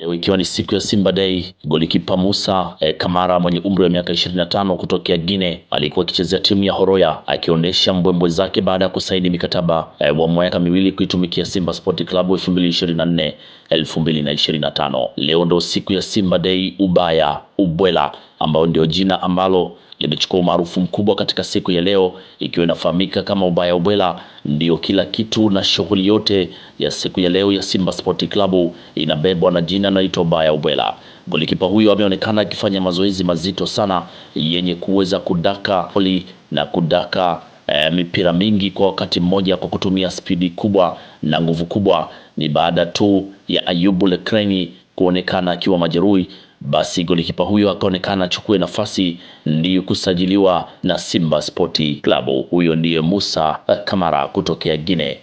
Leo ikiwa ni siku ya Simba Day, golikipa Musa eh, Kamara mwenye umri wa miaka 25 kutokea Gine alikuwa akichezea timu ya Horoya akionyesha mbwembwe zake baada ya kusaini mikataba eh, wa miaka miwili kuitumikia Simba Sport Club 2024 2025. Leo ndo siku ya Simba Day, ubaya ubwela ambao ndio jina ambalo limechukua umaarufu mkubwa katika siku ya leo, ikiwa inafahamika kama ubaya ubwela. Ndiyo kila kitu na shughuli yote ya siku ya leo ya Simba Sport Club inabebwa na jina naitwa ubaya ubwela. Golikipa huyo ameonekana akifanya mazoezi mazito sana yenye kuweza kudaka poli na kudaka e, mipira mingi kwa wakati mmoja kwa kutumia spidi kubwa na nguvu kubwa. Ni baada tu ya Ayubu Lekreni kuonekana akiwa majeruhi basi golikipa huyo akaonekana achukue nafasi ndiyo kusajiliwa na Simba Sport Klabu. Huyo ndiye Musa Kamara kutokea Guinea.